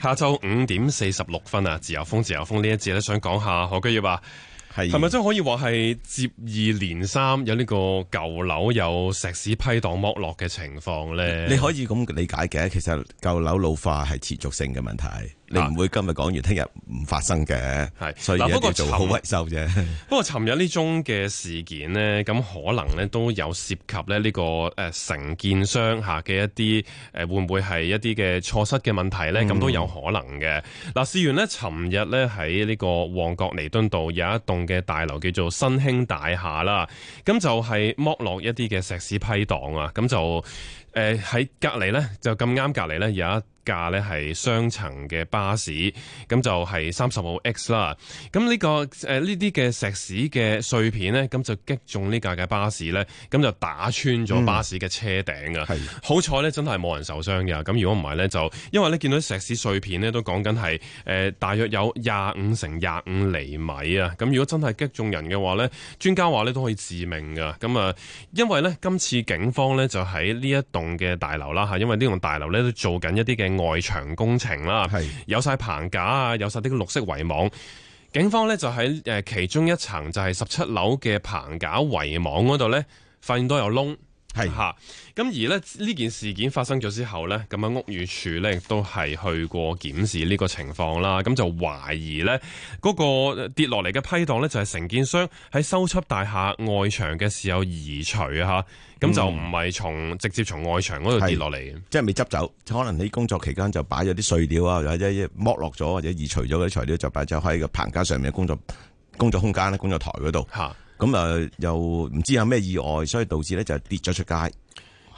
下周五點四十六分啊！自由風，自由風呢一節咧，想講下何居月話、啊。係咪真可以話係接二連三有呢個舊樓有石屎批盪剝落嘅情況咧？你可以咁理解嘅，其實舊樓老化係持續性嘅問題，你唔會今日講完，聽日唔發生嘅。係，所以要做好維修啫。不過，尋 日呢宗嘅事件呢，咁可能咧都有涉及咧、這、呢個誒承、呃、建商下嘅一啲誒、呃，會唔會係一啲嘅錯失嘅問題呢？咁都有可能嘅。嗱、嗯，事緣呢，尋日呢喺呢個旺角彌敦道有一棟。嘅大樓叫做新興大廈啦，咁就係剝落一啲嘅石屎批盪啊，咁就誒喺、呃、隔籬咧就咁啱隔籬咧有一架呢係雙層嘅巴士，咁就係三十號 X 啦、這個。咁呢個呢啲嘅石屎嘅碎片呢，咁就擊中呢架嘅巴士呢，咁就打穿咗巴士嘅車頂啊！嗯、好彩呢，真係冇人受傷㗎。咁如果唔係呢，就因為呢，見到石屎碎片呢，都講緊係大約有廿五乘廿五厘米啊。咁如果真係擊中人嘅話呢，專家話呢都可以致命噶。咁啊，因為呢，今次警方呢，就喺呢一棟嘅大樓啦吓，因為呢棟大樓呢，都做緊一啲嘅。外牆工程啦，有晒棚架啊，有晒啲綠色圍網。警方呢就喺誒其中一層就係十七樓嘅棚架圍網嗰度呢，發現到有窿。係吓，咁而呢呢件事件發生咗之後呢，咁樣屋宇署呢，亦都係去過檢視呢個情況啦，咁就懷疑呢嗰個跌落嚟嘅批盪呢，就係承建商喺修葺大廈外牆嘅時候移除啊，咁就唔係從直接從外牆嗰度跌落嚟，即係未執走，可能你工作期間就擺咗啲碎料啊，或者剝落咗或者移除咗啲材料就擺咗喺個棚架上面嘅工作工作空間咧，工作台嗰度。咁誒又唔知有咩意外，所以導致咧就跌咗出街。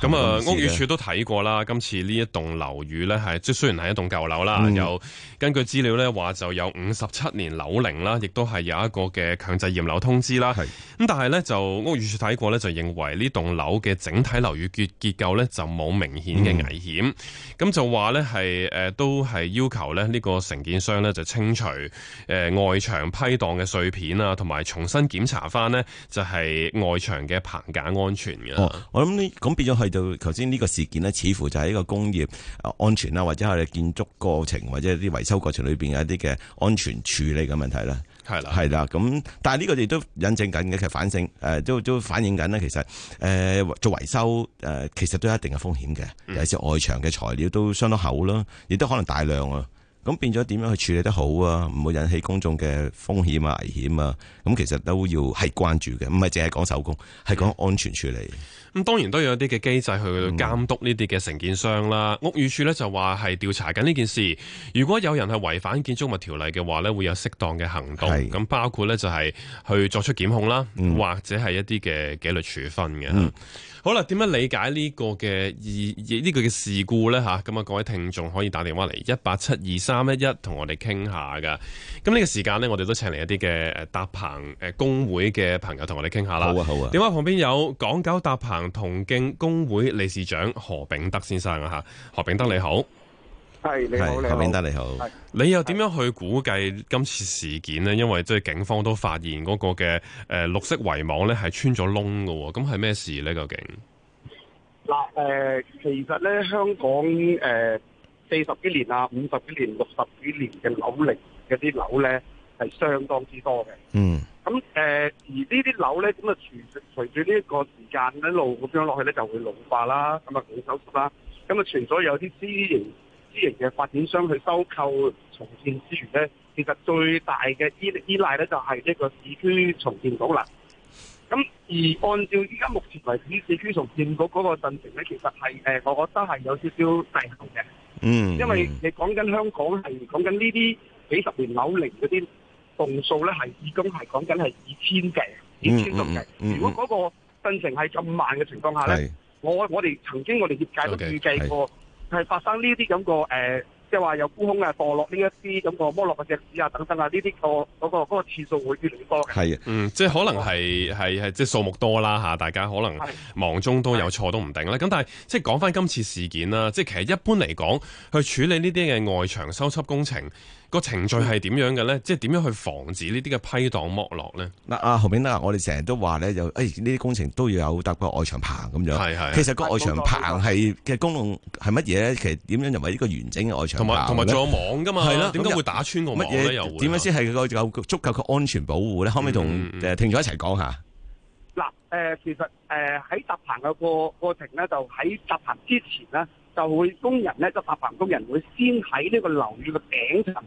咁、嗯、啊、嗯嗯嗯，屋宇署都睇過啦、嗯。今次呢一棟樓宇咧，係即雖然係一棟舊樓啦，又、嗯、根據資料咧話就有五十七年樓齡啦，亦都係有一個嘅強制驗樓通知啦。咁但係咧，就屋宇署睇過咧，就認為呢棟樓嘅整體樓宇結結構咧就冇明顯嘅危險，咁、嗯、就話咧係誒都係要求咧呢個承建商咧就清除誒外牆批盪嘅碎片啊，同埋重新檢查翻咧就係外牆嘅棚架安全嘅、哦。我諗呢咁變咗係。就頭先呢個事件呢，似乎就係一個工業啊安全啦，或者係建築過程，或者啲維修過程裏邊有一啲嘅安全處理嘅問題啦。係啦，係啦。咁但係呢個亦都引證緊嘅，其實反省誒、呃，都都反映緊呢。其實誒、呃，做維修誒、呃，其實都有一定嘅風險嘅，尤其是外牆嘅材料都相當厚啦，亦都可能大量啊。咁變咗點樣去處理得好啊？唔會引起公眾嘅風險啊、危險啊？咁其實都要係關注嘅，唔係淨係講手工，係講安全處理。咁、嗯、當然都有啲嘅機制去監督呢啲嘅承建商啦、嗯。屋宇署咧就話係調查緊呢件事。如果有人係違反建築物條例嘅話咧，會有適當嘅行動。咁包括咧就係去作出檢控啦、嗯，或者係一啲嘅紀律處分嘅。嗯。好啦，點樣理解呢個嘅呢、呢個嘅事故呢？咁啊，各位聽眾可以打電話嚟一八七二三一一同我哋傾下噶。咁呢個時間呢，我哋都請嚟一啲嘅搭棚公工會嘅朋友同我哋傾下啦。好啊，好啊。電話旁邊有港九搭棚同敬工會理事長何炳德先生啊，何炳德你好。係你好，你好，何炳德你好。你又點樣去估計今次事件呢？因為即係警方都發現嗰個嘅誒綠色圍網咧係穿咗窿嘅，咁係咩事呢？究竟嗱誒，其實咧香港誒、呃、四十幾年啊，五十幾年、六十幾年嘅樓齡嘅啲樓咧係相當之多嘅。嗯，咁誒而呢啲樓咧咁啊，隨隨住呢個時間一路咁樣落去咧，就會老化啦，咁啊搞修繕啦，咁啊存咗有啲資源私人嘅發展商去收購重建之餘咧，其實最大嘅依依賴咧就係一個市區重建局啦。咁而按照依家目前為止市區重建局嗰個進程咧，其實係誒、呃，我覺得係有少少滯後嘅。嗯，因為你講緊香港係講緊呢啲幾十年樓齡嗰啲棟數咧，係已經係講緊係二千幾、二千六幾。如果嗰個進程係咁慢嘅情況下咧，我我哋曾經我哋業界都預計過 okay。係發生呢啲咁個誒，即係話有高空啊墮落呢一啲咁個剝落嘅石屎啊等等啊呢啲個嗰個嗰個次數會越嚟越多嘅。係啊，嗯，即係可能係係係即係數目多啦吓，大家可能忙中都有錯都唔定啦。咁但係即係講翻今次事件啦，即係其實一般嚟講，去處理呢啲嘅外牆修葺工程。個程序係點樣嘅咧？即係點樣去防止呢啲嘅批檔剝落咧？嗱，阿何炳德，我哋成日都話咧，就誒呢啲工程都要有搭個外牆棚咁樣。係係。其實個外牆棚係嘅功能係乜嘢咧？其實點樣又係呢個完整嘅外牆棚？同埋同埋仲有網噶嘛？係啦、啊。點解會打穿個網呢又有。點樣先係個夠足夠嘅安全保護咧、嗯？可唔可以同誒、嗯、聽眾一齊講下？嗱、呃，誒，其實誒喺搭棚嘅過過程咧，就喺搭棚之前咧，就會工人咧，搭棚工人會先喺呢個樓宇嘅頂層。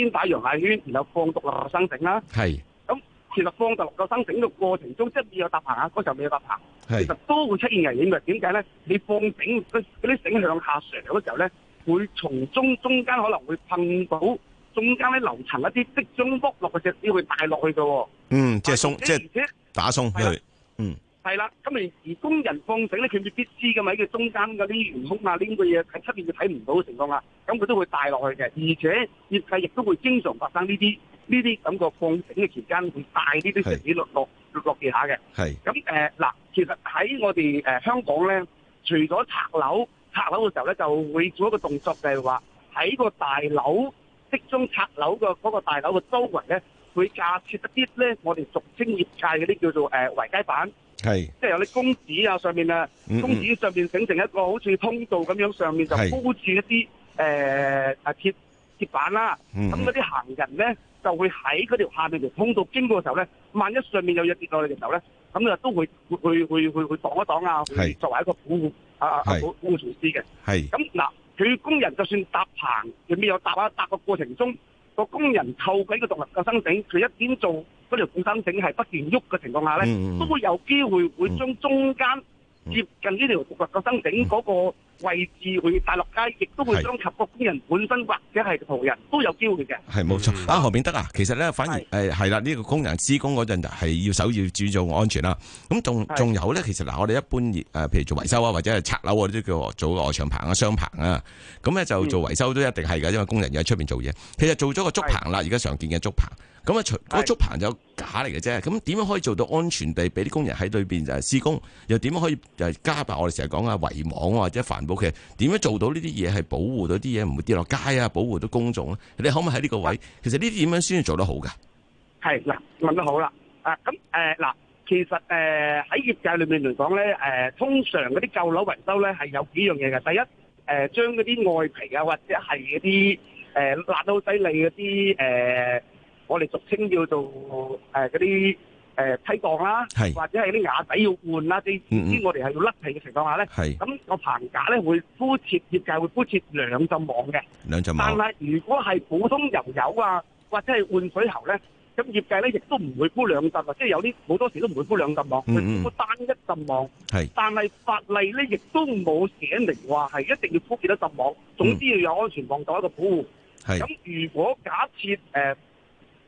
先打羊眼圈，然後放毒落個生繩啦。係，咁其實放毒落個生繩嘅過程中，即係未有搭棚啊，嗰時候未有搭棚，其實都會出現危險嘅。點解咧？你放繩嗰啲繩向下垂嗰時候咧，會從中中間可能會碰到中間啲樓層一啲即將剝落嘅石屎會帶落去嘅。嗯，即係鬆，即係打鬆佢，嗯。係啦，咁而工人放整咧，佢未必知噶嘛，喺佢中間嘅啲員工啊，呢個嘢喺出面就睇唔到嘅情況啊，咁佢都會帶落去嘅。而且業界亦都會經常發生呢啲呢啲咁嘅放整嘅期間會帶呢啲石子落落，落落地下嘅。係。咁誒嗱，其實喺我哋香港咧，除咗拆樓，拆樓嘅時候咧就會做一個動作，就係話喺個大樓即將拆樓嘅嗰個大樓嘅周圍咧，會架設一啲咧，我哋俗稱業界啲叫做誒圍街板。係，即係有啲工字啊，上面啊，嗯、工字上面整成一個好似通道咁樣，上面就鋪住一啲誒啊鐵板啦、啊。咁嗰啲行人咧，就會喺嗰條下面條通道經過嘅時候咧，萬一上面有嘢跌落嚟嘅時候咧，咁啊都會去去去去擋一擋啊，作為一個保護啊保護措施嘅。係。咁嗱，佢工人就算搭棚，入面有搭啊搭個過，過程中，個工人扣幾個獨立嘅生死，佢一點做。呢條股升整係不斷喐嘅情況下咧，都會有機會會將中間接近呢條股嘅升整嗰個。位置會大陸街，亦都會傷及個工人本身或者係途人都有機會嘅。係冇錯啊！何炳德啊，其實咧反而係係啦，呢、哎呢個工人施工嗰陣係要首要注重安全啦。咁仲仲有咧，其實嗱，我哋一般誒譬如做維修啊，或者係拆樓，我都叫做外牆棚啊、雙棚啊。咁咧就做維修都一定係㗎，因為工人要喺出邊做嘢。其實做咗個竹棚啦，而家常見嘅竹棚。咁啊，除個竹棚就假嚟嘅啫。咁點樣可以做到安全地俾啲工人喺裏邊就係施工？又點樣可以加埋我哋成日講啊圍網或者 O.K. 點樣做到呢啲嘢係保護到啲嘢唔會跌落街啊？保護到公眾咧，你可唔可以喺呢個位？其實呢啲點樣先至做得好㗎？係嗱，問得好啦啊！咁誒嗱，其實誒喺、呃、業界裏面嚟講咧，誒、呃、通常嗰啲舊樓維修咧係有幾樣嘢嘅。第一誒、呃，將嗰啲外皮啊，或者係嗰啲誒辣到犀利嗰啲誒，我哋俗稱叫做誒嗰啲。呃誒、呃、批盪啦、啊，或者係啲瓦底要換啦、啊，啲、嗯、知、嗯、我哋係要甩皮嘅情況下咧，咁個棚架咧會敷設業界會敷設兩浸網嘅，兩浸網。但係如果係普通油油啊，或者係換水喉咧，咁業界咧亦都唔會敷兩浸啊，即係有啲好多時都唔會敷兩浸網，敷、嗯嗯、單一浸網。係。但係法例咧亦都冇寫明話係一定要敷幾多浸網，總之要有安全網做一個保護。係、嗯。咁如果假設誒。呃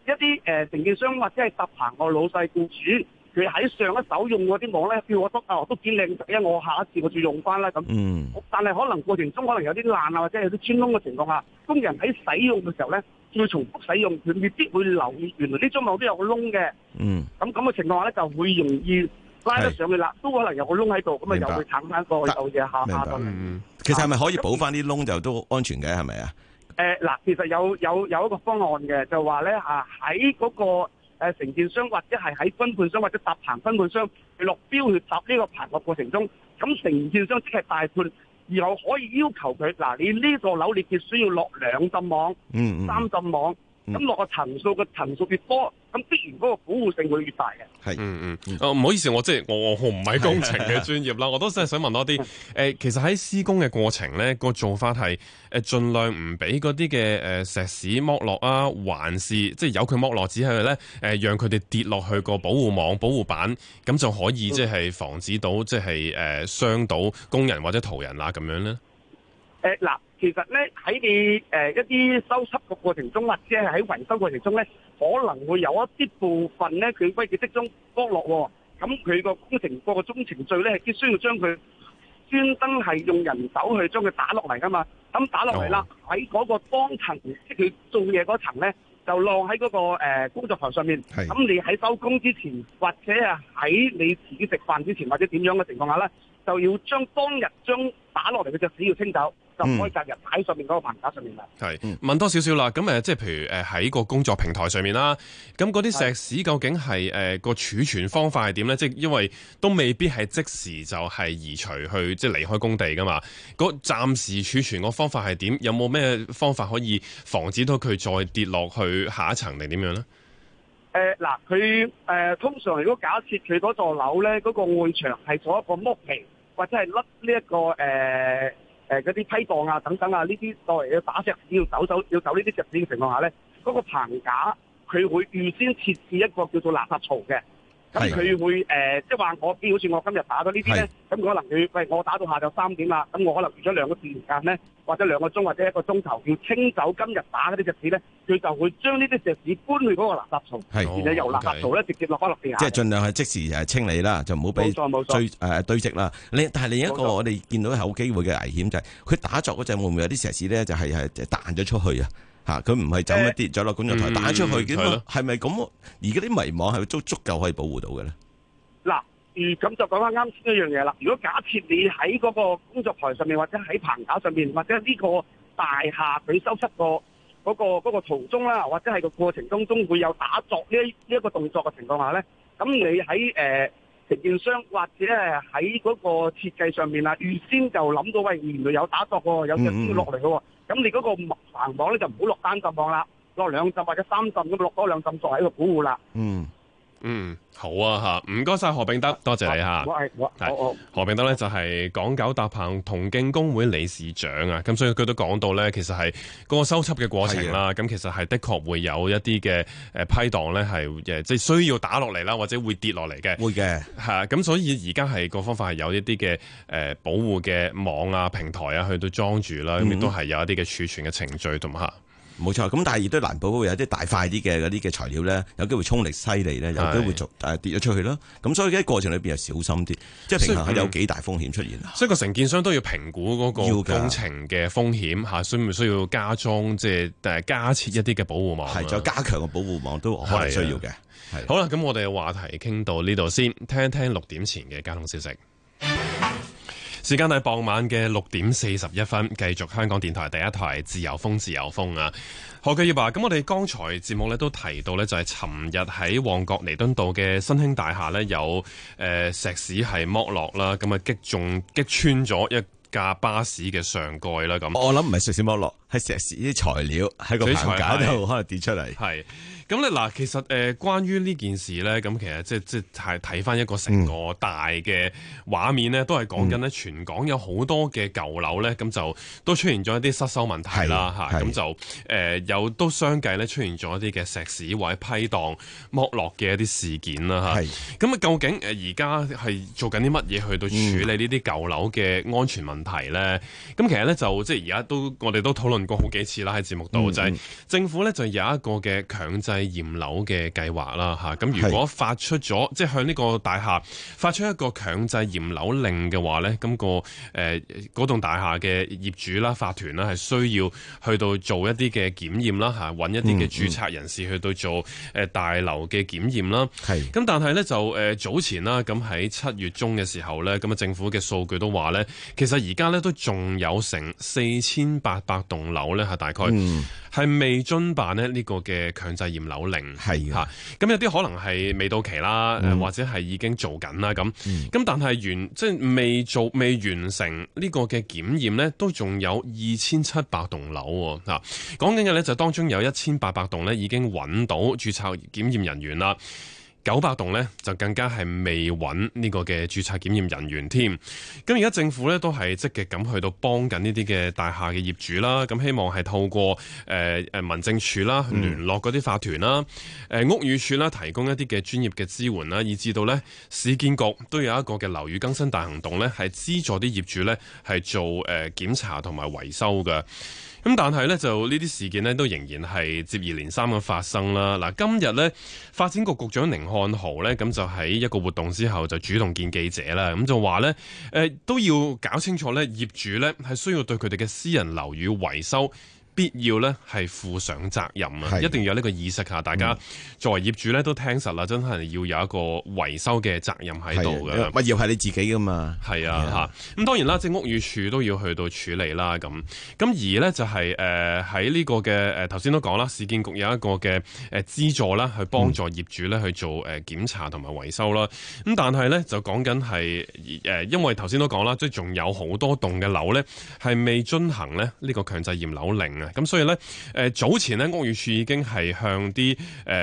一啲誒承建商或者係搭棚個老細僱主，佢喺上一手用嗰啲網咧，叫我、哦、都啊都幾靚仔，因我下一次我仲用翻啦咁。嗯、但係可能過程中可能有啲爛啊，或者有啲穿窿嘅情況下，工人喺使用嘅時候咧，再重複使用，佢未必會留意原來呢張網都有個窿嘅。嗯，咁咁嘅情況下咧，就會容易拉得上去啦，都可能有個窿喺度，咁啊又會產生個舊嘢下下翻、嗯。其實係咪可以補翻啲窿就都安全嘅係咪啊？嗯誒嗱，其實有有有一個方案嘅，就話咧喺嗰個誒承建商或者係喺分判商或者搭棚分判商落標去搭呢個棚嘅過程中，咁承建商即係大判，然後可以要求佢嗱，你呢個樓你必須要落兩陣網，嗯，三陣網。咁落個層數，個層數越多，咁必然嗰個保護性會越大嘅。係，嗯嗯，呃、唔好意思，我即係我我好唔係工程嘅專業啦， 我都真係想問多啲、呃。其實喺施工嘅過程咧，個做法係誒盡量唔俾嗰啲嘅石屎剝落啊，還是即係有佢剝落，只係咧誒讓佢哋跌落去個保護網、保護板，咁就可以即係防止到、嗯、即係誒傷到工人或者途人啦咁樣咧。嗱、呃。其實咧喺你誒一啲修葺嘅過程中或者係喺維修過程中咧，可能會有一啲部分咧佢歸結積中剝落，咁佢個工程個個中程序咧，必須要將佢專登係用人手去將佢打落嚟噶嘛。咁打落嚟啦，喺、oh. 嗰個當層即佢做嘢嗰層咧，就晾喺嗰個誒、呃、工作台上面。咁，你喺收工之前或者喺你自己食飯之前或者點樣嘅情況下咧，就要將當日將打落嚟嘅石屎要清走。就可以隔日喺上面嗰個棚架上面啦。係，問多少少啦。咁誒，即係譬如誒喺個工作平台上面啦。咁嗰啲石屎究竟係誒個儲存方法係點咧？即係因為都未必係即時就係移除去，即係離開工地噶嘛。嗰暫時儲存個方法係點？有冇咩方法可以防止到佢再跌落去下一層定點樣咧？誒、呃、嗱，佢誒、呃、通常如果假設佢嗰座樓咧，嗰、那個外牆係做一個屋皮，或者係甩呢一個誒。呃誒嗰啲批盪啊，等等啊，呢啲作為要打石屎要走走要走呢啲石屎嘅情況下咧，嗰、嗰個棚架佢會預先設置一個叫做垃圾槽嘅。咁佢會誒，即係話我，比、欸、好似我今日打咗呢啲咧，咁可能佢，喂，我打到下晝三點啦，咁我可能預咗兩個時間咧，或者兩個鐘或者一個鐘頭，要清走今日打嗰啲石屎咧，佢就會將呢啲石屎搬去嗰個垃圾槽，係，然後由垃圾槽咧直接落翻落地下。即係儘量係即時清理啦，就唔好俾堆誒堆積啦。你，但係另一個我哋見到有機會嘅危險就係，佢打作嗰陣會唔會有啲石屎咧，就係就彈咗出去啊？吓，佢唔係走一跌，欸、走落工作台打、嗯、出去，咁係咪咁？而嗰啲迷惘係都足夠可以保護到嘅咧？嗱，嗯，咁就講翻啱先一樣嘢啦。如果假設你喺嗰個工作台上面，或者喺棚架上面，或者呢個大廈佢修葺、那個嗰、那個、那個途中啦，或者係個過程當中會有打鑿呢呢一個動作嘅情況下咧，咁你喺誒。呃承建商或者係喺嗰個設計上面，啦，預先就諗到喂原來有打索喎，有隻蕉落嚟嘅喎，咁你嗰個帆網咧就唔好落單浸網啦，落兩浸或者三浸咁落多兩浸作為一個保護啦。嗯。嗯，好啊，吓，唔該晒何炳德，多謝，謝你吓。何炳德咧就係、是、港九搭棚同敬工會理事長啊。咁所以佢都講到咧，其實係個修葺嘅過程啦。咁其實係的確會有一啲嘅，誒批盪咧，係誒即係需要打落嚟啦，或者會跌落嚟嘅，會嘅。咁所以而家係個方法係有一啲嘅誒保護嘅網啊、平台啊去到裝住啦，咁亦都係有一啲嘅儲存嘅程序同吓、嗯冇錯，咁但係亦都難保會有啲大塊啲嘅啲嘅材料咧，有機會衝力犀利咧，有機會做誒跌咗出去咯。咁所以喺過程裏邊又小心啲，即係平衡有幾大風險出現啊。所以個承建商都要評估嗰個工程嘅風險嚇，需唔需要加裝即係誒加設一啲嘅保護網？係再加強個保護網都可能需要嘅。好啦，咁我哋嘅話題傾到呢度先，聽一聽六點前嘅交通消息。時間係傍晚嘅六點四十一分，繼續香港電台第一台自由風，自由風啊！何啟業話：，咁、啊、我哋剛才節目咧都提到呢就係尋日喺旺角彌敦道嘅新興大廈呢有誒、呃、石屎係剝落啦，咁啊擊中擊穿咗一。架巴士嘅上蓋啦，咁我諗唔係石屎剝落，係石屎啲材料喺個棚架度可能跌出嚟。係咁咧嗱，其實誒、呃，關於呢件事咧，咁其實即係即係睇翻一個成個大嘅畫面咧、嗯，都係講緊咧，全港有好多嘅舊樓咧，咁、嗯、就都出現咗一啲失修問題啦，吓咁就誒又、呃、都相繼咧出現咗一啲嘅石屎或者批盪剝落嘅一啲事件啦，吓咁啊，究竟誒而家係做緊啲乜嘢去到處理呢啲舊樓嘅安全問題？題咧，咁其實咧就即係而家都我哋都討論過好幾次啦喺節目度、嗯，就係、是、政府咧就有一個嘅強制驗樓嘅計劃啦吓，咁、啊、如果發出咗即係向呢個大廈發出一個強制驗樓令嘅話咧，咁、那個誒嗰棟大廈嘅業主啦、法團啦係需要去到做一啲嘅檢驗啦吓，揾、啊、一啲嘅註冊人士去到做誒、呃、大樓嘅檢驗啦，係咁、啊、但係咧就誒、呃、早前啦，咁喺七月中嘅時候咧，咁啊政府嘅數據都話咧，其實。而家咧都仲有成四千八百棟樓咧，係大概，係、嗯、未遵辦咧呢個嘅強制驗樓令，係吓。咁、嗯、有啲可能係未到期啦、嗯，或者係已經做緊啦咁。咁、嗯、但係完即係未做未完成呢個嘅檢驗咧，都仲有二千七百棟樓。嗱，講緊嘅咧就當中有一千八百棟咧已經搵到註冊檢驗人員啦。九百棟呢就更加係未揾呢個嘅注冊檢驗人員添。咁而家政府呢都係積極咁去到幫緊呢啲嘅大廈嘅業主啦。咁希望係透過誒、誒民政處啦，聯絡嗰啲法團啦，誒屋宇署啦，提供一啲嘅專業嘅支援啦，以至到呢市建局都有一個嘅樓宇更新大行動呢係資助啲業主呢係做誒檢查同埋維修嘅。咁但係咧，就呢啲事件呢都仍然係接二連三咁發生啦。嗱，今日呢發展局局長甯漢豪呢，咁就喺一個活動之後就主動見記者啦。咁就話呢，呃，都要搞清楚呢業主呢係需要對佢哋嘅私人樓宇維修。必要咧係負上責任啊！一定要有呢個意識下，大家作為業主咧都聽實啦，真係要有一個維修嘅責任喺度嘅。物業係你自己噶嘛？係啊，嚇！咁當然啦，即係屋宇署都要去到處理啦，咁咁而呢，就係誒喺呢個嘅誒頭先都講啦，市建局有一個嘅誒資助啦，去幫助業主咧去做誒檢查同埋維修啦。咁、嗯、但係呢，就講緊係誒，因為頭先都講啦，即係仲有好多棟嘅樓呢，係未進行咧呢個強制驗樓令啊！咁所以咧，誒早前咧，屋宇署已經係向啲誒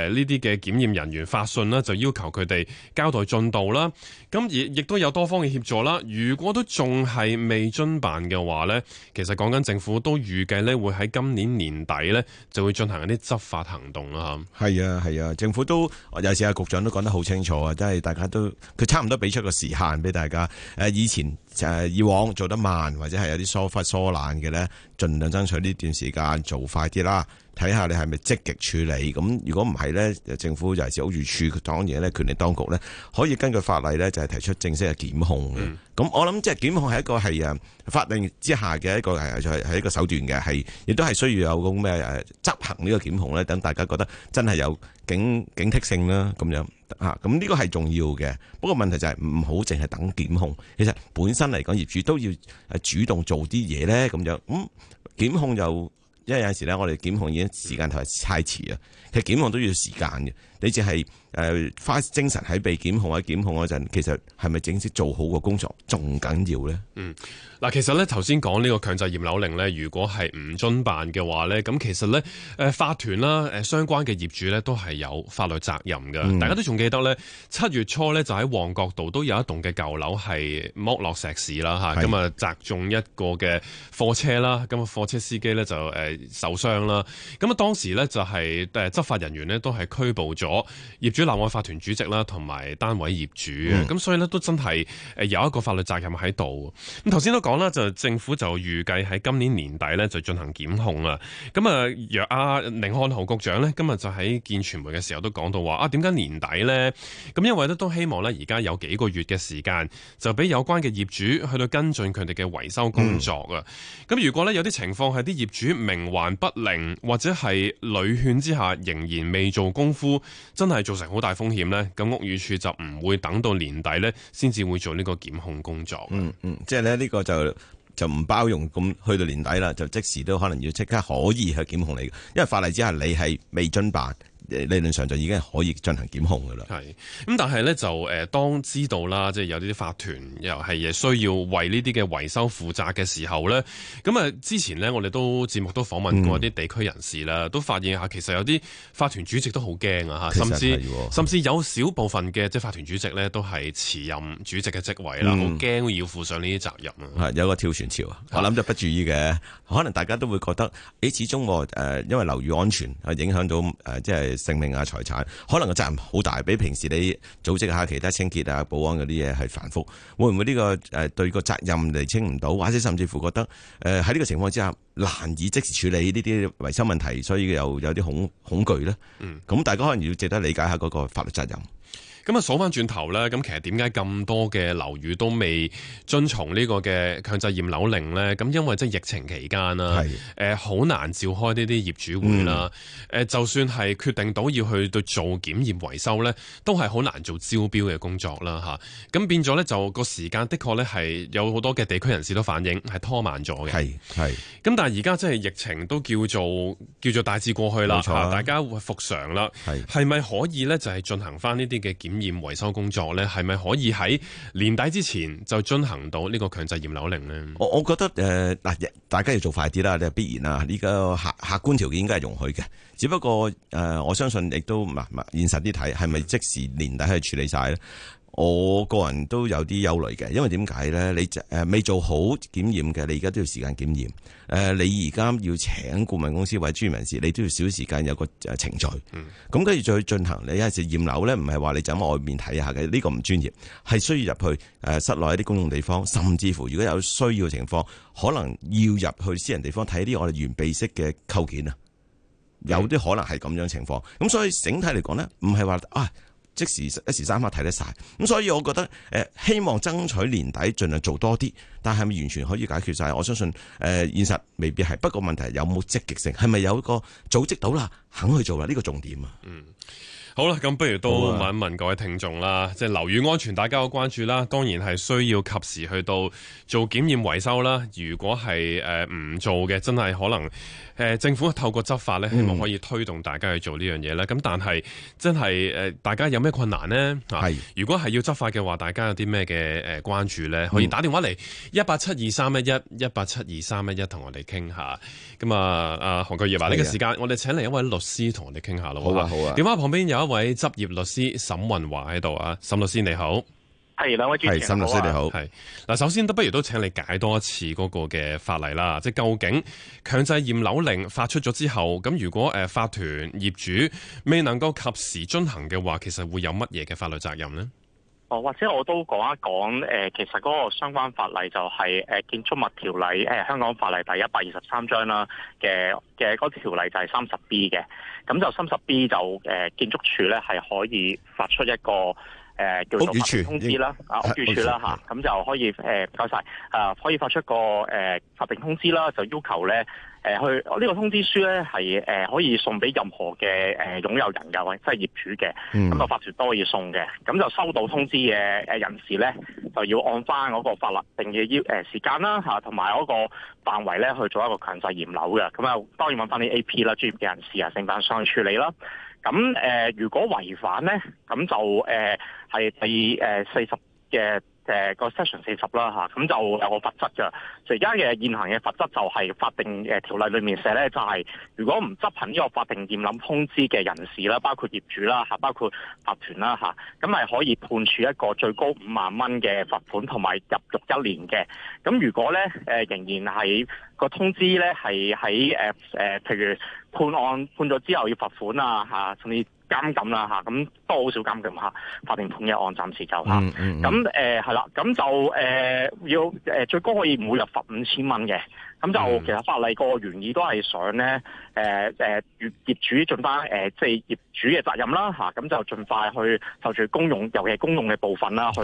呢啲嘅檢驗人員發信啦，就要求佢哋交代進度啦。咁亦亦都有多方嘅協助啦。如果都仲係未遵辦嘅話咧，其實講緊政府都預計咧會喺今年年底咧就會進行一啲執法行動啦。係啊係啊，政府都有時啊，局長都講得好清楚啊，即係大家都佢差唔多俾出個時限俾大家。誒以前。就係以往做得慢或者係有啲疏忽疏懶嘅咧，盡量爭取呢段時間做快啲啦。睇下你係咪積極處理，咁如果唔係咧，政府就係好預處當嘢咧，權力當局咧，可以根據法例咧，就係提出正式嘅檢控嘅。咁、嗯、我諗即係檢控係一個係啊，法定之下嘅一個係係係一個手段嘅，係亦都係需要有咁咩誒執行呢個檢控咧。等大家覺得真係有警警惕性啦，咁樣吓，咁呢個係重要嘅。不過問題就係唔好淨係等檢控，其實本身嚟講業主都要誒主動做啲嘢咧，咁樣咁檢控又。因為有陣時咧，我哋檢控已經時間太太遲啊！其實檢控都要時間嘅。你只係誒花精神喺被檢控，喺檢控嗰陣其實係咪正式做好個工作仲緊要咧？嗯，嗱，其實咧頭先講呢個強制驗樓令咧，如果係唔遵辦嘅話咧，咁其實咧誒法團啦、誒相關嘅業主咧，都係有法律責任嘅、嗯、大家都仲記得咧，七月初咧就喺旺角度都有一棟嘅舊樓係剝落石屎啦吓，咁啊砸中一個嘅貨車啦，咁啊貨車司機咧就誒受傷啦。咁、嗯、啊當時咧就係誒執法人員咧都係拘捕咗。業主立案法團主席啦，同埋單位業主，咁、嗯、所以呢，都真係誒有一個法律責任喺度。咁頭先都講啦，就政府就預計喺今年年底呢，就進行檢控啦。咁啊，若阿寧漢豪局長呢，今日就喺見傳媒嘅時候都講到話啊，點解年底呢？」咁因為咧都希望呢，而家有幾個月嘅時間，就俾有關嘅業主去到跟進佢哋嘅維修工作啊。咁、嗯、如果呢，有啲情況係啲業主冥頑不靈，或者係屢勸之下仍然未做功夫，真係造成好大風險呢。咁屋宇署就唔會等到年底呢，先至會做呢個檢控工作嗯。嗯嗯，即係呢個就就唔包容咁去到年底啦，就即時都可能要即刻可以去檢控你，因為法例之下你係未遵辦。理論上就已經係可以進行檢控嘅啦。係咁，但係呢，就誒，當知道啦，即係有啲法團又係需要為呢啲嘅維修負責嘅時候呢，咁啊，之前呢，我哋都節目都訪問過啲地區人士啦，嗯，都發現下其實有啲法團主席都好驚啊，甚至甚至有少部分嘅即法團主席呢都係辭任主席嘅職位啦，好驚要負上呢啲責任。有個跳船潮啊，我諗就不注意嘅，可能大家都會覺得你始終誒、呃，因為樓宇安全影響到、呃、即係。性命啊，財產可能個責任好大，比平時你組織下其他清潔啊、保安嗰啲嘢，係繁複，會唔會呢個誒對個責任釐清唔到，或者甚至乎覺得誒喺呢個情況之下，難以即時處理呢啲維修問題，所以又有啲恐恐懼呢，咁大家可能要值得理解一下嗰個法律責任。咁、嗯、啊，數翻轉頭呢，咁其實點解咁多嘅樓宇都未遵從呢個嘅強制驗樓令呢？咁因為即係疫情期間啦，誒好、呃、難召開呢啲業主會啦。誒、嗯呃，就算係決定到要去到做檢驗維修呢，都係好難做招標嘅工作啦，嚇、啊。咁變咗呢，就個時間的確呢，係有好多嘅地區人士都反映係拖慢咗嘅。係，咁但但而家真係疫情都叫做叫做大致過去啦，啊，大家會復常啦，係咪可以咧？就係進行翻呢啲嘅檢驗維修工作咧？係咪可以喺年底之前就進行到呢個強制驗樓令咧？我我覺得誒，嗱、呃，大家要做快啲啦，呢必然啦。呢個客客觀條件應該係容許嘅，只不過誒、呃，我相信亦都唔係唔係現實啲睇係咪即時年底去處理晒咧？我個人都有啲憂慮嘅，因為點解咧？你誒未做好檢驗嘅，你而家都要時間檢驗。誒，你而家要請顧問公司或者專業人士，你都要少時間有個程序。嗯。咁跟住再進行，驗樓你有陣時驗樓咧，唔係話你就喺外面睇下嘅，呢、這個唔專業，係需要入去誒室內一啲公用地方，甚至乎如果有需要嘅情況，可能要入去私人地方睇啲我哋原備式嘅構件啊，有啲可能係咁樣情況。咁所以整體嚟講呢，唔係話啊。哎即時一時三刻睇得晒，咁所以我覺得希望爭取年底盡量做多啲，但係咪完全可以解決晒？我相信誒現實未必係，不過問題有冇積極性，係咪有一個組織到啦，肯去做啦？呢個重點啊！嗯，好啦，咁不如都問一問各位聽眾啦，即係樓宇安全，大家好關注啦，當然係需要及時去到做檢驗維修啦。如果係唔做嘅，真係可能。政府透過執法咧，希望可以推動大家去做呢樣嘢咧。咁、嗯、但係真係大家有咩困難呢？如果係要執法嘅話，大家有啲咩嘅誒關注咧，可以打電話嚟一八七二三一一一八七二三一一，同、嗯、我哋傾下。咁、嗯、啊，阿韓國業華呢個時間，我哋請嚟一位律師同我哋傾下咯。好啊，好啊。電話旁邊有一位執業律師沈運華喺度啊，沈律師你好。係兩位主持人好。係，沈老師你好。係嗱，首先都不如都請你解多一次嗰個嘅法例啦，即係究竟強制驗樓令發出咗之後，咁如果誒法團業主未能夠及時遵行嘅話，其實會有乜嘢嘅法律責任呢？哦，或者我都講一講，誒，其實嗰個相關法例就係誒建築物條例，誒香港法例第一百二十三章啦嘅嘅嗰條例就係三十 B 嘅，咁就三十 B 就誒建築署咧，係可以發出一個。誒叫做法定通知啦，啊，公處啦吓咁、啊啊啊啊、就可以誒，唔該晒，可以發出個誒法、呃、定通知啦，就要求咧，誒去呢個通知書咧係誒可以送俾任何嘅誒擁有人㗎，即係業主嘅，咁就法處都可以送嘅，咁、嗯、就收到通知嘅人士咧，就要按翻嗰個法定嘅時間啦吓，同埋嗰個範圍咧去做一個強制驗樓嘅，咁啊當然揾翻啲 A P 啦，專業嘅人士啊，承辦商處理啦，咁、啊、誒、呃、如果違反咧，咁就誒。啊係四十嘅個 section 四十啦，咁就有個罰則嘅。而家嘅現行嘅罰則就係法定誒條例裏面寫咧、就係，就係如果唔執行呢個法定電檻通知嘅人士啦，包括業主啦，包括法團啦，咁係可以判處一個最高五萬蚊嘅罰款，同埋入獄一年嘅。咁如果咧仍然係、個通知咧係喺誒譬如判案判咗之後要罰款啊，甚至。監禁啦，咁都好少監禁嚇。法庭判嘅案暫時就嚇。咁誒係啦，咁就誒要最高可以每日罰五千蚊嘅。咁就其實法例個原意都係想咧誒誒業主盡翻誒即係業主嘅責任啦，咁就盡快去就住公用，尤其是公用嘅部分啦，去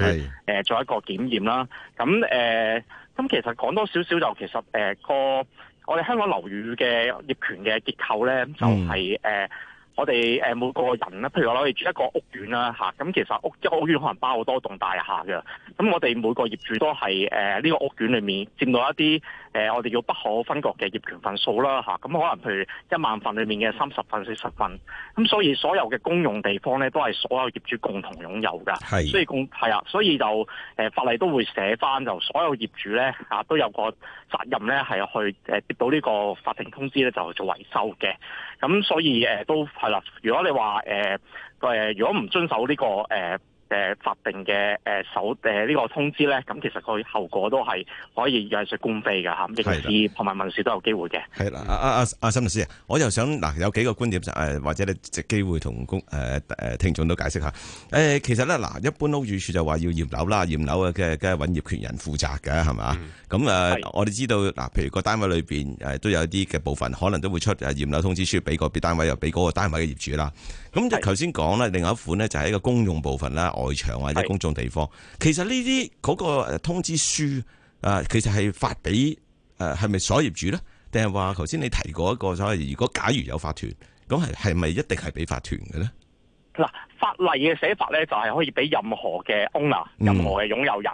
做一個檢驗啦。咁誒咁其實講多少少就其實誒個我哋香港樓宇嘅業權嘅結構咧，就係誒。嗯嗯嗯我哋誒每個人咧，譬如我哋住一個屋苑啦吓，咁其實屋一個屋苑可能包好多棟大廈嘅，咁我哋每個業主都係誒呢個屋苑裏面佔到一啲。誒、呃，我哋叫不可分割嘅業權份數啦，咁、啊啊、可能譬如一萬份裏面嘅三十份四十份，咁、啊、所以所有嘅公用地方咧，都係所有業主共同擁有㗎。所以公係啊，所以就、呃、法例都會寫翻，就所有業主咧、啊、都有個責任咧，係去跌接、啊、到呢個法定通知咧，就做維修嘅，咁、啊、所以、啊、都係啦、啊。如果你話、呃、如果唔遵守呢、呢個、呃誒、呃、法定嘅誒、呃、手誒呢、呃這個通知咧，咁其實佢後果都係可以引説公費㗎。嚇，咁刑事同埋民事都有機會嘅。係啦、嗯，啊啊啊阿沈律師啊，我又想嗱、啊，有幾個觀點就誒、呃，或者你藉機會同公誒誒聽眾都解釋下誒、呃。其實咧嗱、啊，一般屋宇署就話要驗樓啦，驗樓嘅嘅揾業權人負責嘅係咪？咁、嗯嗯啊、我哋知道嗱、啊，譬如個單位裏邊都有啲嘅部分，可能都會出驗樓通知書俾個別單位，又俾嗰個單位嘅業主啦。咁就頭先講啦，另外一款咧就係一個公用部分啦，外牆或者公眾地方。其實呢啲嗰個通知書、呃、其實係發俾係咪所有業主咧？定係話頭先你提過一個所謂如果假如有法團，咁係係咪一定係俾法團嘅咧？嗱、呃，法例嘅寫法咧就係、係、可以俾任何嘅 owner，任何嘅擁有人。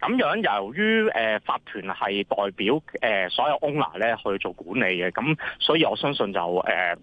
咁、嗯、樣由於、呃、法團係代表、呃、所有 owner 咧去做管理嘅，咁所以我相信就、呃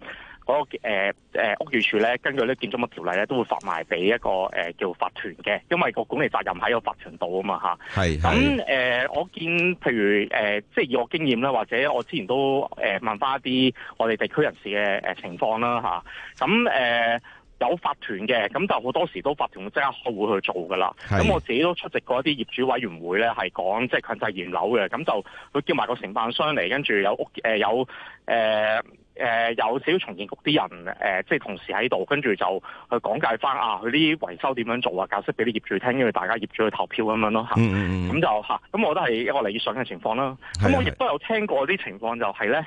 嗰、那個、呃呃、屋宇署咧，根據啲建築物條例咧，都會發埋俾一個誒、呃、叫法團嘅，因為個管理責任喺個法團度啊嘛嚇。係咁誒，我見譬如誒、呃，即係以我經驗啦，或者我之前都誒、呃、問翻一啲我哋地區人士嘅誒、呃、情況啦嚇。咁、啊、誒、啊呃、有法團嘅，咁就好多時都法團會即刻會去做噶啦。咁我自己都出席過一啲業主委員會咧，係講即係強制驗樓嘅，咁就會叫埋個承辦商嚟，跟住有屋誒有誒。呃呃呃呃誒、呃、有少重建局啲人誒、呃，即係同事喺度，跟住就去講解翻啊，佢啲維修點樣做啊，教識俾啲業主聽，跟住大家業主去投票咁樣咯嚇，咁、嗯嗯嗯、就嚇，咁我覺得係一個理想嘅情況啦。咁我亦都有聽過啲情況，就係咧。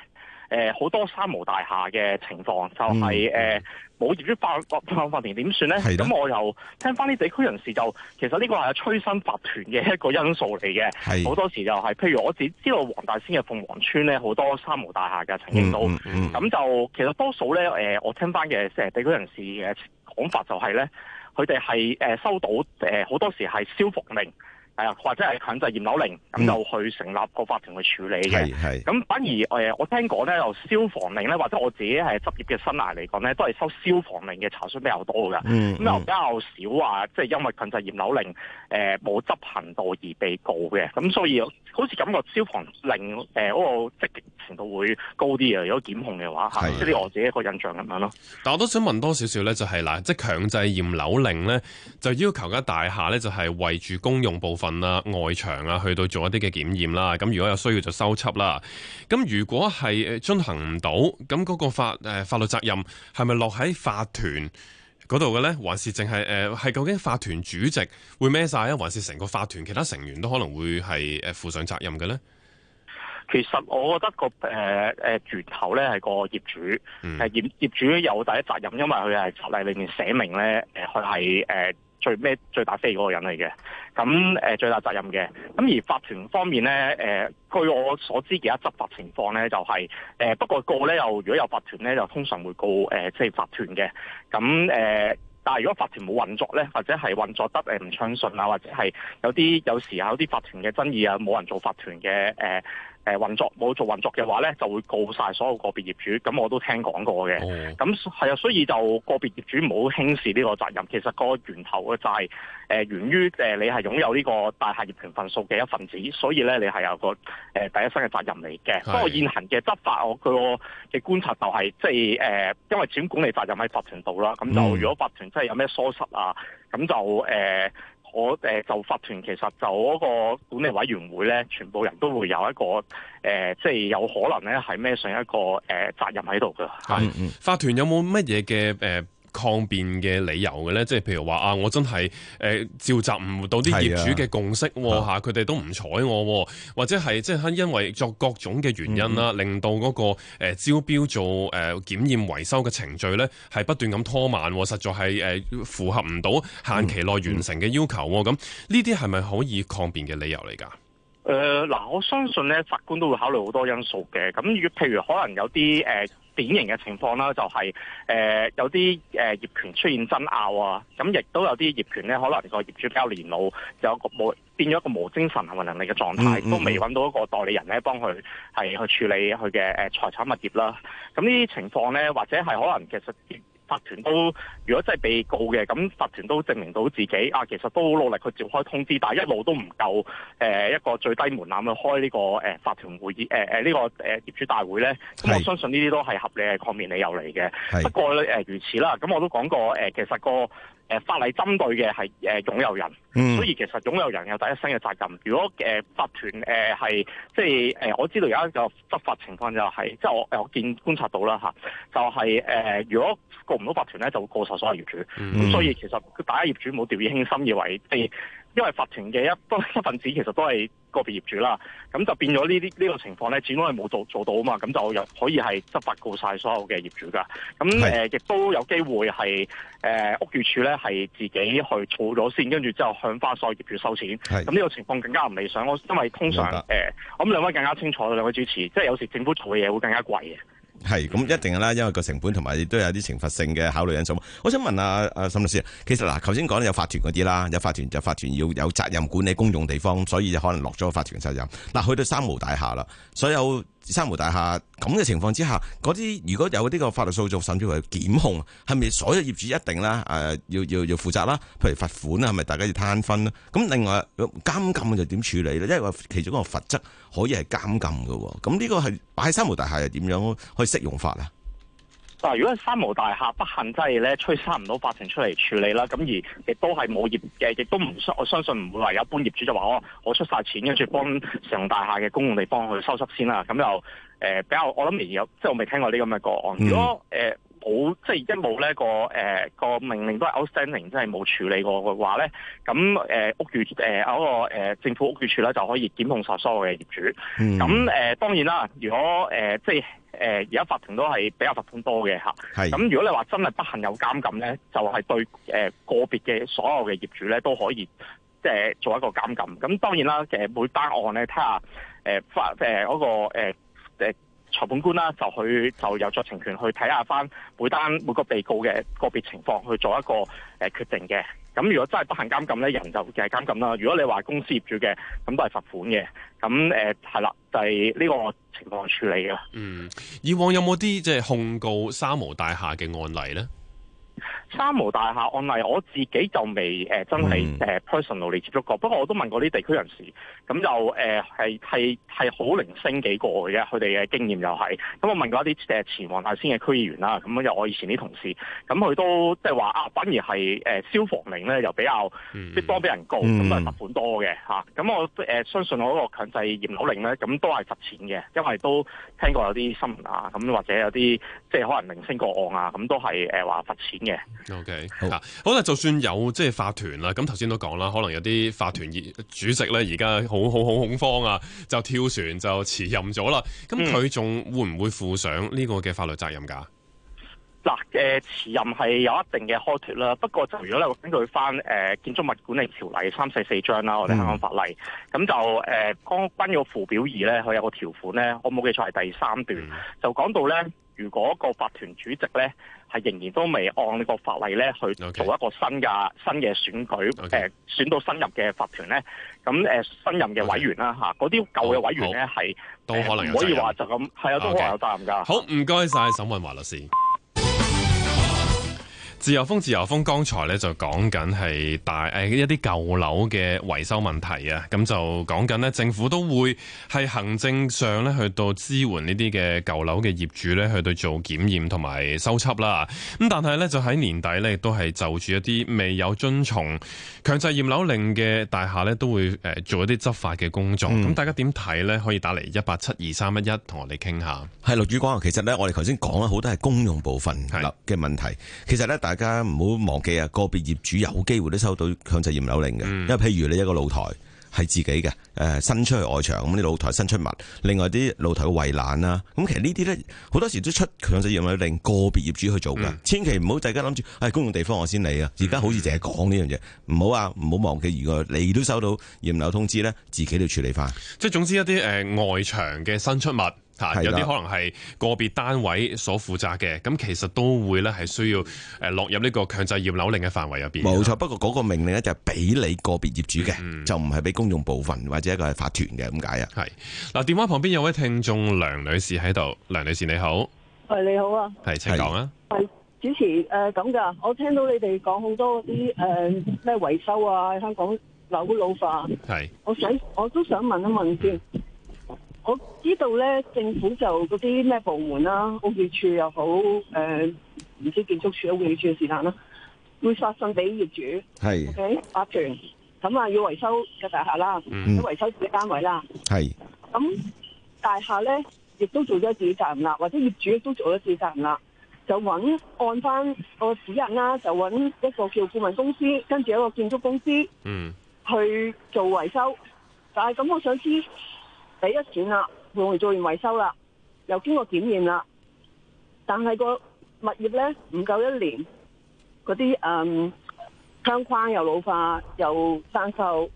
誒好多三無大廈嘅情況，就係誒冇業主發發發憤點算咧？咁我又聽翻啲地區人士就其實呢個係催生法團嘅一個因素嚟嘅。好多時就係、是、譬如我只知道黃大仙嘅鳳凰村咧，好多三無大廈嘅曾經都咁、嗯嗯嗯、就其實多數咧，我聽翻嘅地區人士嘅講法就係、是、咧，佢哋係收到誒好多時係消復令。係啊，或者係強制驗樓令咁就、嗯、去成立個法庭去處理嘅。係咁反而我聽講咧，由消防令咧，或者我自己係執業嘅生涯嚟講咧，都係收消防令嘅查詢比較多㗎。咁、嗯、又比較少話，即、嗯、係因為強制驗樓令冇、呃、執行到而被告嘅。咁所以好似感覺消防令嗰、呃、那個積極程度會高啲啊！如果檢控嘅話，係。即係我自己一個印象咁樣咯。但我都想問多少少咧，就係嗱，即強制驗樓令咧，就要求間大廈咧，就係圍住公用部分。啊，外牆啊，去到做一啲嘅檢驗啦。咁如果有需要就修葺啦。咁如果係誒進行唔到，咁嗰個法誒、呃、法律責任係咪落喺法團嗰度嘅咧？還是淨係誒係究竟法團主席會孭晒啊？還是成個法團其他成員都可能會係誒負上責任嘅咧？其實我覺得、那個誒誒、呃、源頭咧係個業主，業、嗯呃、業主有第一責任，因為佢係例裏面寫明咧，誒佢係誒。呃最咩最大飛嗰個人嚟嘅，咁最大責任嘅，咁而法團方面咧，誒、呃、據我所知嘅一執法情況咧，就係、是、誒、呃、不過告咧又如果有法團咧，就通常會告誒即係法團嘅，咁誒、呃、但係如果法團冇運作咧，或者係運作得唔暢順啊，或者係有啲有時候有啲法團嘅爭議啊，冇人做法團嘅誒。呃誒、呃、運作冇做運作嘅話咧，就會告晒所有個別業主。咁我都聽講過嘅。咁係啊，所以就個別業主冇輕視呢個責任。其實個源頭就係、是、誒、呃、源於誒、呃、你係擁有呢個大廈業權份數嘅一份子，所以咧你係有個誒、呃、第一身嘅責任嚟嘅。不過現行嘅執法，我我嘅觀察就係、是、即係誒、呃，因為總管理責任喺法團度啦。咁就、mm. 如果法團真係有咩疏失啊，咁就誒。呃我誒就法團，其實就嗰個管理委員會咧，全部人都會有一個誒，即、呃、係、就是、有可能咧係孭上一個誒、呃、責任喺度嘅。嗯嗯，法有有。法團有冇乜嘢嘅誒？抗辯嘅理由嘅咧，即係譬如話啊，我真係誒、呃、召集唔到啲業主嘅共識吓，佢哋、啊啊、都唔睬我，或者係即係因為作各種嘅原因啦，令到嗰個誒、呃、招標做誒檢驗維修嘅程序咧係不斷咁拖慢，呃、實在係誒、呃、符合唔到限期內完成嘅要求，咁呢啲係咪可以抗辯嘅理由嚟噶？誒、呃，嗱、呃，我相信咧法官都會考慮好多因素嘅，咁如譬如可能有啲誒。呃典型嘅情況啦、就是，就係誒有啲誒、呃、業權出現爭拗啊，咁亦都有啲業權咧，可能個業主比較年老就有，有個冇變咗一個無精神行為能力嘅狀態，都未搵到一個代理人咧幫佢係去處理佢嘅誒財產物業啦。咁呢啲情況咧，或者係可能其實。法團都如果真係被告嘅咁，法團都證明到自己啊，其實都好努力去召開通知，但係一路都唔夠誒一個最低門檻去開呢個誒法團會議誒誒呢個誒業主大會咧。咁我相信呢啲都係合理嘅抗辯理由嚟嘅。不過咧誒，如此啦，咁我都講過誒，其實個。誒法例針對嘅係誒擁有人，所以其實擁有人有第一身嘅責任。如果法團誒係即係我知道有一個執法情況就係、是，即係我我見觀察到啦就係、是、誒、呃、如果告唔到法團咧，就會告晒所有業主。咁所以其實大家業主冇掉以輕心以為，因為法團嘅一一分子其實都係。個別業主啦，咁就變咗呢啲呢個情況咧，始終係冇做做到啊嘛，咁就又可以係執法告晒所有嘅業主噶，咁誒亦都有機會係誒、呃、屋業署咧係自己去儲咗先，跟住之後向翻所有業主收錢，咁呢個情況更加唔理想，我因為通常誒，咁、呃、兩位更加清楚啦，兩位主持，即係有時政府儲嘅嘢會更加貴嘅。係，咁一定啦，因為個成本同埋亦都有啲懲罰性嘅考慮因素。我想問阿阿沈律師，其實嗱，頭先講有法團嗰啲啦，有法團就法團要有責任管理公眾地方，所以就可能落咗法團責任。嗱，去到三毛大廈啦，所有。三無大廈咁嘅情況之下，嗰啲如果有啲個法律訴訟甚至係檢控，係咪所有業主一定啦？誒，要要要負責啦？譬如罰款啦，係咪大家要攤分啦？咁另外監禁就點處理咧？因為其中一個罰則可以係監禁喎。咁呢個係擺喺三無大廈係點樣可以適用法啊？嗱，如果三毛大廈不幸真係咧，催生唔到法庭出嚟處理啦，咁而亦都係冇業嘅，亦都唔相我相信唔會話有一般業主就話我我出晒錢，跟住幫成大廈嘅公共地方去收拾先啦。咁又誒、呃、比較，我諗未有，即係我未聽過呢咁嘅個案。嗯、如果誒冇、呃、即係一冇呢個誒、呃、個命令都係 outstanding，即係冇處理過嘅話咧，咁誒、呃、屋宇，誒嗰個政府屋宇處咧就可以檢控所有嘅業主。咁、嗯、誒、嗯呃、當然啦，如果誒、呃、即係誒而家法庭都係比較罰款多嘅。咁，如果你話真係不幸有監禁咧，就係、是、對誒、呃、個別嘅所有嘅業主咧都可以即係、呃、做一個監禁。咁當然啦，每單案咧睇下誒法誒嗰個誒、呃呃、裁判官啦，就去就有酌情權去睇下翻每單每個被告嘅個別情況，去做一個誒、呃、決定嘅。咁如果真係不幸監禁咧，人就就係監禁啦。如果你話公司業主嘅，咁都係罰款嘅。咁誒係啦，就係呢個情況處理嘅。嗯，以往有冇啲即係控告三無大廈嘅案例咧？三毛大廈案例我自己就未真係、呃 mm. personal 嚟接觸過，不過我都問過啲地區人士，咁就誒係係係好零星幾個嘅，佢哋嘅經驗又、就、係、係。咁我問過一啲、呃、前黃大仙嘅區議員啦，咁又我以前啲同事，咁佢都即係話啊，反而係、呃、消防令咧又比較即、mm. 多俾人告，咁啊罰款多嘅咁、mm. 啊、我、呃、相信我嗰個強制驗樓令咧，咁都係罰錢嘅，因為都聽過有啲新聞啊，咁或者有啲即係可能零星個案啊，咁都係誒話罰錢嘅。O、okay, K，好好啦，就算有即係法團啦，咁頭先都講啦，可能有啲法團主席咧而家好好好恐慌啊，就跳船就辭任咗啦，咁佢仲會唔會負上呢個嘅法律責任噶？嗱、嗯，誒，辭任係有一定嘅開脫啦，不過就如果咧跟佢翻誒建築物管理條例三四四章啦，我哋香港法例，咁、嗯、就誒，關、呃、於個附表二咧，佢有個條款咧，我冇記錯係第三段，嗯、就講到咧。如果個法團主席咧係仍然都未按呢個法例咧去做一個新嘅新嘅選舉，誒、okay. 呃、選到新入嘅法團咧，咁、呃、誒新任嘅委員啦嚇，嗰、okay. 啲、啊、舊嘅委員咧係、哦哦、都可能，唔可以話就咁，係啊，都可能有責任㗎。Okay. 好，唔該晒，沈運華律師。自由風，自由風，剛才咧就講緊係大誒一啲舊樓嘅維修問題啊，咁就講緊咧政府都會係行政上呢去到支援呢啲嘅舊樓嘅業主呢去到做檢驗同埋收葺啦。咁但係呢，就喺年底呢都係就住一啲未有遵從強制驗樓令嘅大廈呢都會誒做一啲執法嘅工作。咁、嗯、大家點睇呢？可以打嚟一八七二三一一同我哋傾下。係，陸主講其實呢，我哋頭先講咗好多係公用部分嘅問題，其實呢。大家唔好忘記啊！個別業主有機會都收到強制驗樓令嘅、嗯，因為譬如你一個露台係自己嘅，誒、呃，伸出去外牆咁啲露台伸出物，另外啲露台嘅圍欄啊，咁其實這些呢啲咧好多時都出強制驗樓令，個別業主去做嘅、嗯，千祈唔好大家諗住係公用地方我先嚟、嗯、啊！而家好似淨係講呢樣嘢，唔好啊，唔好忘記，如果你都收到驗樓通知咧，自己都要處理翻。即係總之一啲誒、呃、外牆嘅伸出物。有啲可能係個別單位所負責嘅，咁其實都會咧係需要誒，落入呢個強制驗樓令嘅範圍入邊。冇錯，不過嗰個命令咧就係俾你個別業主嘅、嗯，就唔係俾公用部分或者一個係法團嘅，咁解啊。係。嗱，電話旁邊有位聽眾梁女士喺度，梁女士你好。喂你好啊，係，請講啊。係主持誒，咁、呃、噶，我聽到你哋講好多啲誒咩維修啊，香港樓老化，係，我想我都想問一問先。我知道咧，政府就嗰啲咩部門啦、啊，屋宇署又好，誒、呃、唔知建築署屋宇署嘅是但啦，會發送俾業主係，ok 發傳咁啊，要維修嘅大廈啦，要維修自己單位啦，係，咁、嗯、大廈咧亦都做咗自己責任啦，或者業主都做咗自己責任啦，就揾按翻個指引啦，就揾一個叫顧問公司跟住一個建築公司，嗯，去做維修，但係咁，我想知道。第一選啦，會唔會做完維修啦，又經過檢驗啦，但係個物業咧，唔夠一年，嗰啲誒窗框又老化又生銹，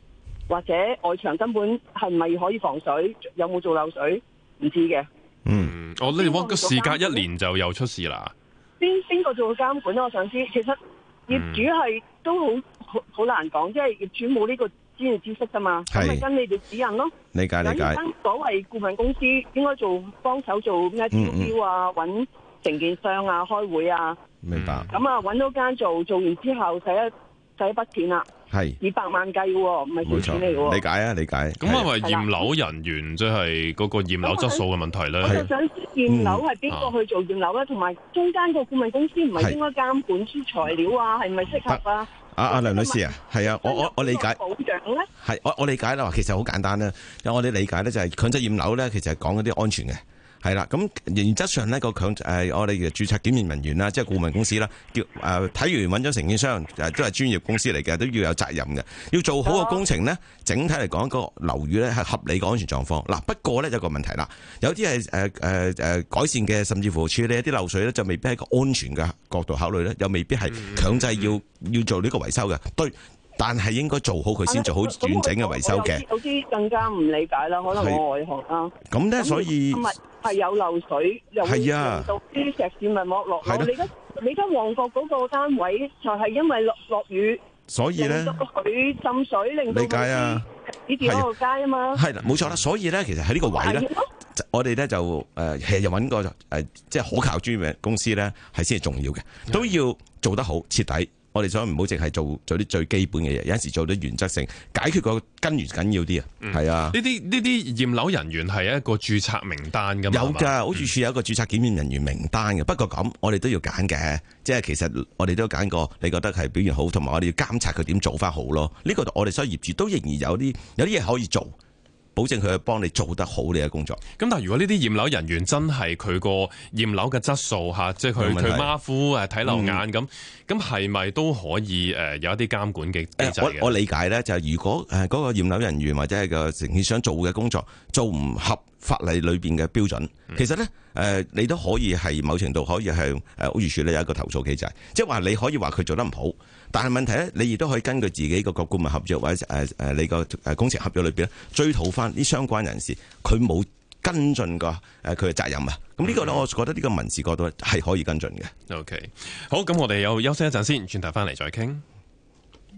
或者外牆根本係咪可以防水，有冇做漏水，唔知嘅。嗯，我呢個時間一年就又出事啦。邊邊個做監管咧？我想知道。其實業主係都好好好難講，即係業主冇呢、個，專業知識咋嘛？係咪跟你哋指引咯。理解理解。所謂顧問公司應該做幫手做咩招標啊？揾、嗯、承、嗯、建商啊，開會啊。明白。咁啊，揾到間做，做完之後使一使一筆錢啦。係。以百萬計喎，唔係少錢嚟喎。理解啊，理解。咁係咪驗樓人員即係嗰個驗樓質素嘅問題咧？我就想知驗樓係邊個去做驗樓咧？同埋、啊、中間個顧問公司唔係應該監管啲材料啊？係咪適合啊？啊阿梁女士啊，係啊，我我我理解保障咧，係我我理解啦。其實好簡單啦，因為我哋理解咧就係強制驗樓咧，其實係講嗰啲安全嘅。係啦，咁原則上呢個強誒，我哋嘅註冊檢驗人員啦，即係顧問公司啦，叫誒睇完搵咗承建商誒，都係專業公司嚟嘅，都要有責任嘅，要做好個工程呢。整體嚟講，個樓宇呢係合理嘅安全狀況。嗱，不過呢有個問題啦，有啲係誒誒誒改善嘅，甚至乎處理一啲漏水呢，就未必係一個安全嘅角度考慮呢，又未必係強制要要做呢個維修嘅。對。但係應該做好佢先，做好完整嘅維修嘅，有啲更加唔理解啦，可能外行啊。咁咧，所以係有漏水又啊。啲石屎咪剝落你而家你家旺角嗰個單位就係因為落落雨，所以咧佢浸水令到理解啊，以前個街啊嘛，係啦，冇錯啦。所以咧，其實喺呢個位咧，我哋咧就誒，其實又揾個誒，即係可靠專業嘅公司咧，係先係重要嘅，都要做得好徹底。徹底我哋所以唔好淨係做做啲最基本嘅嘢，有陣時做啲原則性，解決個根源緊要啲、嗯、啊！係啊，呢啲呢啲驗樓人員係一個註冊名單噶有㗎，好似處有一個註冊檢驗人員名單嘅。不過咁，我哋都要揀嘅，即係其實我哋都揀過，你覺得係表現好，同埋我哋要監察佢點做翻好咯。呢、呢個我哋所有業主都仍然有啲有啲嘢可以做。保證佢去幫你做得好你嘅工作。咁但係如果呢啲驗樓人員真係佢個驗樓嘅質素吓、嗯，即係佢佢馬虎誒睇漏眼咁，咁係咪都可以誒有一啲監管嘅機制嘅、欸、我，我理解咧就係、是、如果誒嗰個驗樓人員或者係個成件事想做嘅工作做唔合法例裏邊嘅標準，嗯、其實咧誒、呃、你都可以係某程度可以向誒屋宇署咧有一個投訴機制，即係話你可以話佢做得唔好。但係問題咧，你亦都可以根據自己個局顧問合約或者誒誒，你個誒工程合約裏邊咧，追討翻啲相關人士，佢冇跟進過誒佢嘅責任啊。咁呢個咧，我覺得呢個民事角度係可以跟進嘅。OK，好，咁我哋又休息一陣先，轉頭翻嚟再傾。